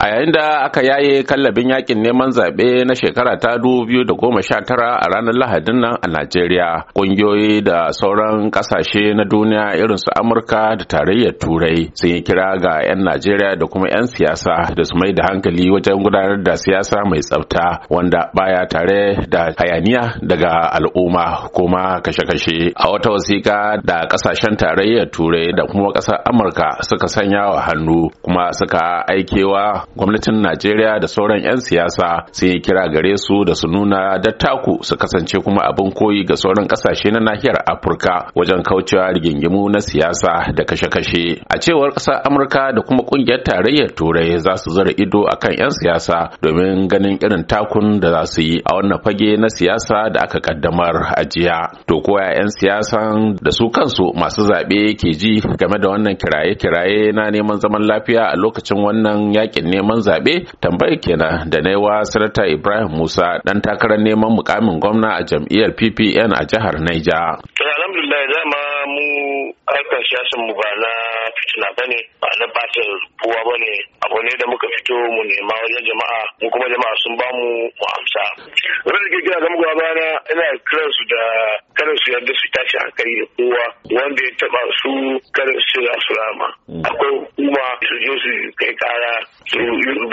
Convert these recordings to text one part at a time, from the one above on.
a yayin da aka yaye kallabin yakin neman zaɓe na shekara ta tara a ranar lahadin nan a najeriya ƙungiyoyi da sauran ƙasashe na duniya irin su amurka da tarayyar turai sun yi kira ga 'yan najeriya da kuma 'yan siyasa da su mai da hankali wajen gudanar da siyasa mai tsafta wanda baya tare da hayaniya daga al'umma kuma kashe-kashe a wata wasiƙa da ƙasashen tarayyar turai da kuma ƙasar amurka suka sanya wa hannu kuma suka aikewa gwamnatin najeriya da sauran 'yan siyasa sun yi kira gare su da su nuna dattaku su kasance kuma abin koyi ga sauran kasashe na nahiyar afirka wajen kaucewa rigingimu na siyasa da kashe-kashe a cewar ƙasar amurka da kuma ƙungiyar tarayyar turai za su zara ido a kan 'yan siyasa domin ganin irin takun da za su yi a wannan fage na siyasa da aka kaddamar a jiya to koya 'yan siyasan da su kansu masu zaɓe ke ji game da wannan kiraye-kiraye na neman zaman lafiya a lokacin wannan yaƙin ne neman zaɓe tambayar kenan da na wa sarata ibrahim musa dan takarar neman mukamin gwamna a jam'iyyar ppn a jihar naija alhamdulillah dama mu harkar siyasan mu ba na fitina ba ne ba na batar kowa ba ne abu ne da muka fito mu nema wajen jama'a mu kuma jama'a sun ba mu mu amsa wani da gina gama gaba na ina kiran su da kada su yarda su tashi hankali da kowa wanda ya taba su kada su yi rama mm. akwai hukuma su je su kai kara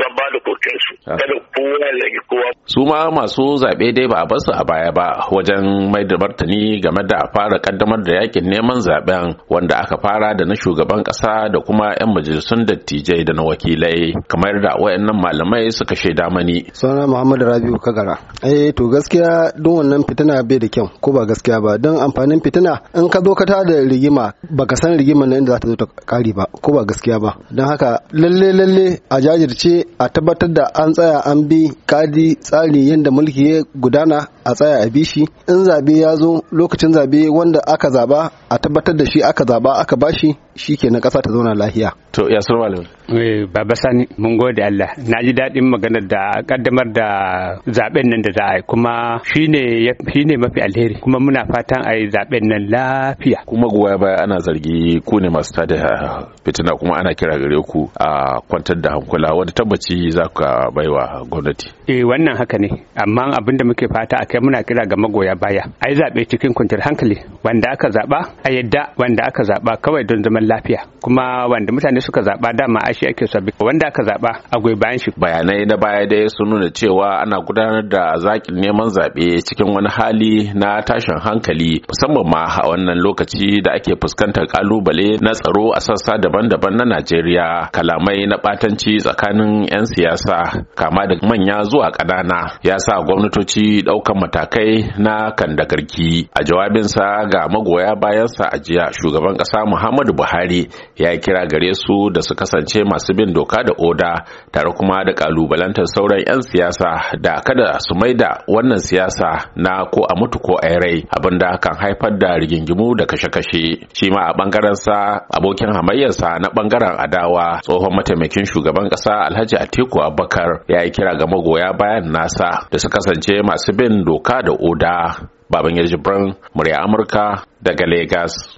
gaba da kokensu ah. kada kowa ya zagi kowa. su ma masu zaɓe dai ba a basu a baya ba wajen mai da martani game da fara kaddamar da yakin neman zaben wanda aka fara da na shugaban ƙasa da kuma 'yan majalisun dattijai da na wakilai kamar da wayannan malamai suka shaida mani. sunana muhammadu rabiu kagara eh to gaskiya don wannan fitina bai da kyau ko ba gaskiya ba don amfanin fitina in ka zo ka da rigima baka san rigima na inda za ta zo ta kare ba ko ba gaskiya ba don haka lalle lalle a jajirce a tabbatar da an tsaya an bi kadi tsari yadda mulki ya gudana a tsaya a bishi in zabe ya zo lokacin zabe wanda aka zaba a tabbatar da shi aka zaba aka bashi shi ke na ƙasa ta zauna lahiya. To ya suru eh, Baba Sani mun gode Allah na ji daɗin maganar da kaddamar da zaɓen nan da za a yi kuma shi ne mafi alheri kuma muna fatan a yi zaɓen nan lafiya. Kuma goya baya ana zargi ku ne masu da fitina kuma ana kira gare ku a kwantar da hankula wanda tabbaci za ka baiwa gwamnati. Eh wannan haka ne amma abin da muke fata a kai muna kira ga magoya baya. a yi zaɓe cikin kwantar hankali wanda aka zaɓa a yadda wanda aka zaɓa kawai don zaman lafiya kuma wanda mutane suka zaba dama ashi ake sabi wanda aka zaba a goyi bayan shi bayanai na baya dai sun nuna cewa ana gudanar da zakin neman zaɓe cikin wani hali na tashin hankali musamman ma a wannan lokaci da ake fuskantar kalubale na tsaro a sassa daban-daban na Najeriya kalamai na ɓatanci tsakanin 'yan siyasa kama da manya zuwa ƙanana ya sa gwamnatoci ɗaukan matakai na Kanda-garki. a jawabinsa ga magoya bayansa a jiya shugaban ƙasa Muhammadu Buhari buhari ya kira gare su da su kasance masu bin doka da oda tare kuma da kalubalantar sauran 'yan siyasa da kada su maida wannan siyasa na ko a mutu ko a rai abin da kan haifar da rigingimu da kashe-kashe shi ma a bangaren sa abokin hamayyarsa na bangaren adawa tsohon mataimakin shugaban kasa alhaji atiku abubakar ya yi kira ga magoya bayan nasa da su kasance masu bin doka da oda baban yarjibran murya amurka daga Legas.